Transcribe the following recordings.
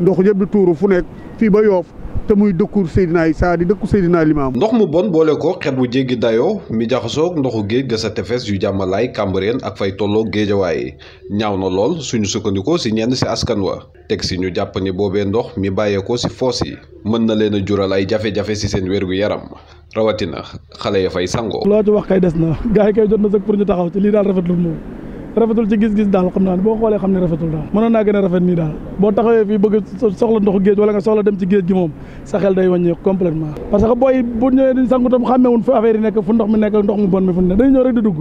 ndox yëpp di tuuru fu nekk fii ba yoof te muy dëkku Seydina Issa di dëkku Seydina Limaam ndox mu bon boole ko xet bu jéggi dayoo mi jaxasoog ndoxu géej ga sa tefes yu jàmmalaay kàmbareen ak fay tolloo géejawaaye ñaaw na lool suñu sukkandikoo si ñenn si askan wa teg si ñu jàpp ni boobee ndox mi bàyyeekoo si foos yi mën na leen a jural ay jafe-jafe si seen wér gu yaram rawatina xale ya fay sangoo. loo ci wax kay des na gars yi kay jot na sax pour ñu taxaw ci lii daal rafetlu rafetul ci gis-gis daal xam naa boo xoolee xam ne rafetul daal mënoon naa gën a rafet nii daal boo taxawee fii bëgg soxla ndoxu géej wala nga soxla dem ci géej gi moom day wàññeeku complètement parce que booy bu ñëwee di sangu tam xàmmeewun fu affaire yi nekk fu ndox mi nekk ndox bon mi fu ne dañu ñëw di dugg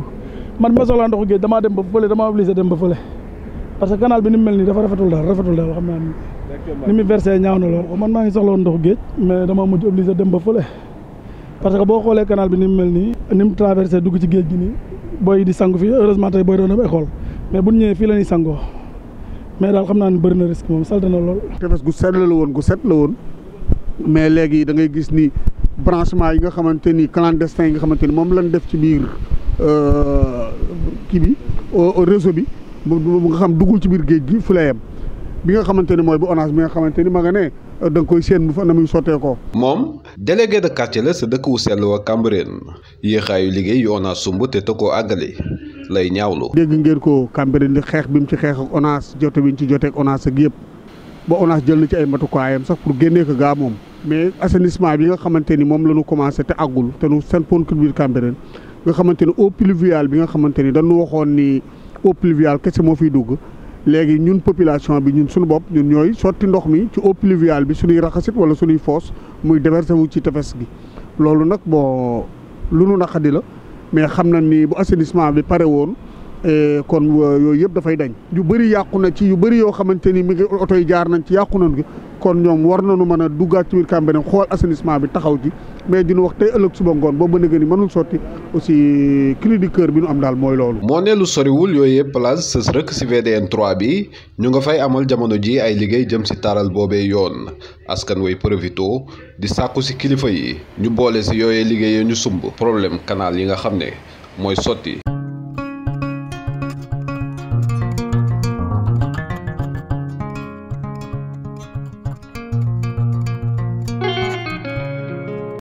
man ma soxlaa ndoxu géej damaa dem ba fële ni mu mel nii dafa rafetul daal rafetul daal xam ngi soxla woon ndoxu géej mais dama mujj dem ba fële parce que boo xoolee canal bi ni mel nii ni mu traversé dugg ci géej gi nii boy di sangu fi heureusement tay boy na école mais buñ ñëwé fi lañuy sango mais dal xamna ni ne na risque mom salté na lool tefes gu sell la won gu set la won mais légui da ngay gis ni branchement yi nga xamanteni clandestin yi nga xamanteni mom lañ def ci euh ki bi réseau bi bu nga xam dugul ci bir geej gi fulayam bi nga xamanteni moy bu onage bi nga xamanteni ma nga da koy séen bu fa na muy sottee ko moom délégué de quartier la sa dëkk wu sell wa Cambérène yéexaayu liggéey yu ONAS sumb te te koo àggale lay ñaawlu. dégg ngeen ko Cambérène li xeex bi mu ci xeex ak ONAS jote bi ñu ci joteeg ONAS ak yëpp ba ONAS jël na ci ay matukaayam sax pour génnee ko gaa moom. mais assainissement bi nga xamante ni moom la ñu commencé te àggul te nu seen pont biir Cambérène nga xamante ni eau pluviale bi nga xamante ni dañu waxoon ni eau pluviale kese moo fiy dugg. léegi ñun population bi ñun suñu bopp ñun ñooy sotti ndox mi ci eau pluviale bi suñuy raxasit wala suñuy foos muy déversé wu ci tefes gi loolu nag boo lu nu naqadi la mais xam na ni bu assainissement bi pare woon eh, kon euh, yooyu yëpp dafay dañ yu bëri yàqu na ci yu bëri yoo xamante ni mi ngi oto yi jaar nañ ci yàqu nañ gi kon ñoom war nañu mën a duggaat ci biir Cambérène xool assainissement bi taxaw ci mais dina wax tey ëllëg suba ngoon boobu ba nëgë ni mënul sotti aussi cri du cœur bi nu am daal mooy loolu. moo ne lu soriwul yooyu yëpp place sës rëkk si VDN 3 bi ñu nga fay amal jamono ji ay liggéey jëm si taral boobee yoon askan way profito di sàkku si kilifa yi ñu boole si yooyee liggéeyee ñu sumb problème canal yi nga xam ne mooy sotti.